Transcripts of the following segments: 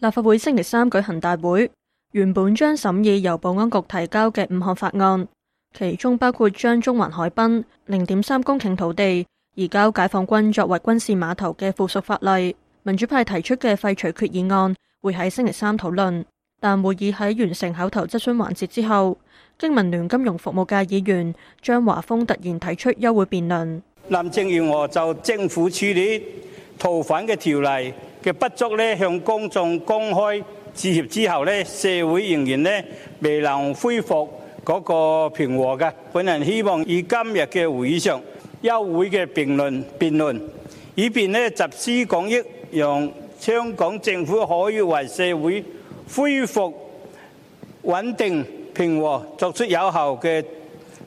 立法會星期三舉行大會，原本將審議由保安局提交嘅五項法案，其中包括將中環海濱零點三公頃土地移交解放軍作為軍事碼頭嘅附屬法例。民主派提出嘅廢除決議案會喺星期三討論，但會議喺完成口頭質詢環節之後，經民聯金融服務界議員張華峰突然提出休會辯論。林鄭月娥就政府處理逃犯嘅條例嘅不足呢，向公眾公開致歉之後呢，社會仍然呢未能恢復嗰個平和嘅。本人希望以今日嘅會議上休會嘅評論辯論，以便呢集思廣益，讓香港政府可以為社會恢復穩定平和作出有效嘅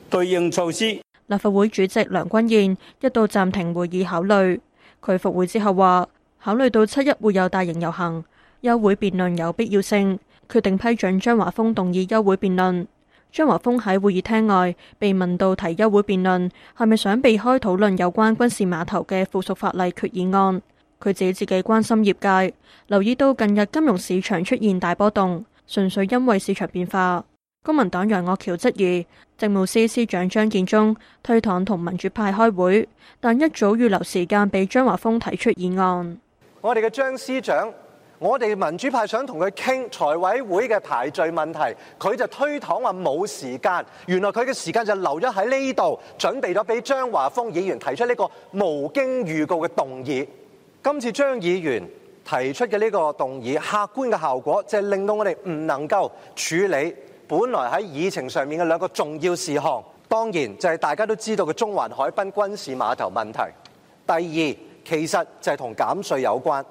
對應措施。立法會主席梁君彥一度暫停會議，考慮佢復會之後話。考慮到七一會有大型遊行，休會辯論有必要性，決定批准張華峰動議休會辯論。張華峰喺會議廳外被問到提休會辯論係咪想避開討論有關軍事碼頭嘅附屬法例決議案，佢指自，自己關心業界，留意到近日金融市場出現大波動，純粹因為市場變化。公民黨楊岳橋質疑政務司司長張建宗推搪同民主派開會，但一早預留時間俾張華峰提出議案。我哋嘅張司長，我哋民主派想同佢傾財委會嘅排序問題，佢就推搪話冇時間。原來佢嘅時間就留咗喺呢度，準備咗俾張華峰議員提出呢個無經預告嘅動議。今次張議員提出嘅呢個動議，客觀嘅效果就係令到我哋唔能夠處理本來喺議程上面嘅兩個重要事項。當然就係大家都知道嘅中環海濱軍事碼頭問題。第二，其實就係同減稅有關，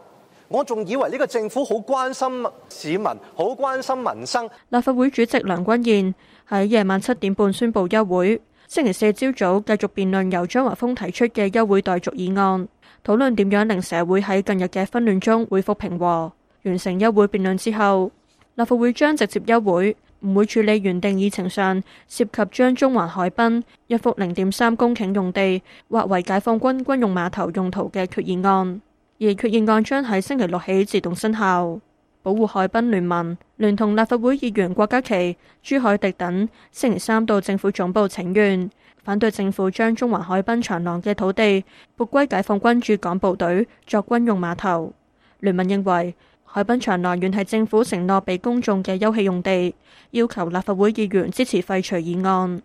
我仲以為呢個政府好關心市民，好關心民生。立法會主席梁君彥喺夜晚七點半宣布休會，星期四朝早繼續辯論由張華峰提出嘅休會待續議案，討論點樣令社會喺近日嘅紛亂中恢復平和。完成休會辯論之後，立法會將直接休會。唔會處理原定議程上涉及將中環海濱一幅零點三公頃用地劃為解放軍軍用碼頭用途嘅決議案，而決議案將喺星期六起自動生效。保護海濱聯盟聯同立法會議員郭家麒、朱海迪等，星期三到政府總部請願，反對政府將中環海濱長廊嘅土地撥歸解放軍駐港部隊作軍用碼頭。聯盟認為。海濱長廊原係政府承諾俾公眾嘅休憩用地，要求立法會議員支持廢除議案。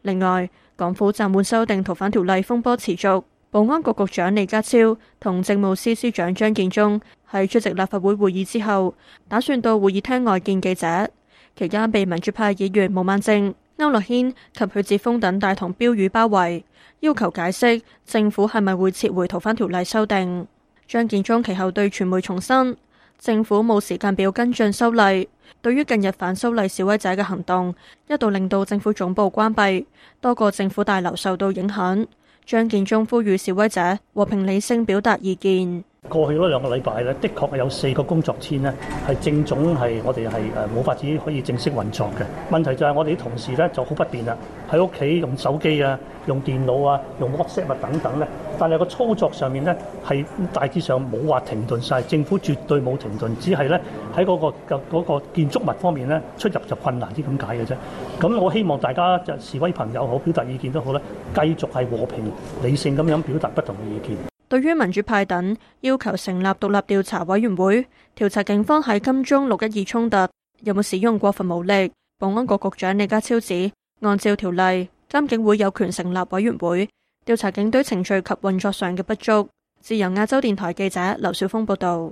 另外，港府暫緩修訂逃犯條例風波持續，保安局局長李家超同政務司司長張建宗喺出席立法會會議之後，打算到會議廳外見記者。期間被民主派議員毛孟靜、歐諾軒及許智峯等帶同標語包圍，要求解釋政府係咪會撤回逃犯條例修訂？張建宗其後對傳媒重申。政府冇時間表跟進修例，對於近日反修例示威者嘅行動，一度令到政府總部關閉，多個政府大樓受到影響。張建宗呼籲示威者和平理性表達意見。過去嗰兩個禮拜咧，的確有四個工作簽咧，係正種係我哋係誒冇法子可以正式運作嘅。問題就係我哋啲同事咧就好不便啦，喺屋企用手機啊、用電腦啊、用 WhatsApp 啊等等咧。但係個操作上面咧係大致上冇話停頓晒，政府絕對冇停頓，只係咧喺嗰個嗰個建築物方面咧出入就困難啲咁解嘅啫。咁我希望大家就示威朋友好，表達意見都好咧，繼續係和平理性咁樣表達不同嘅意見。對於民主派等要求成立獨立調查委員會，調查警方喺金鐘六一二衝突有冇使用過分武力，保安局局長李家超指，按照條例，監警會有權成立委員會，調查警隊程序及運作上嘅不足。自由亞洲電台記者劉少峰報道。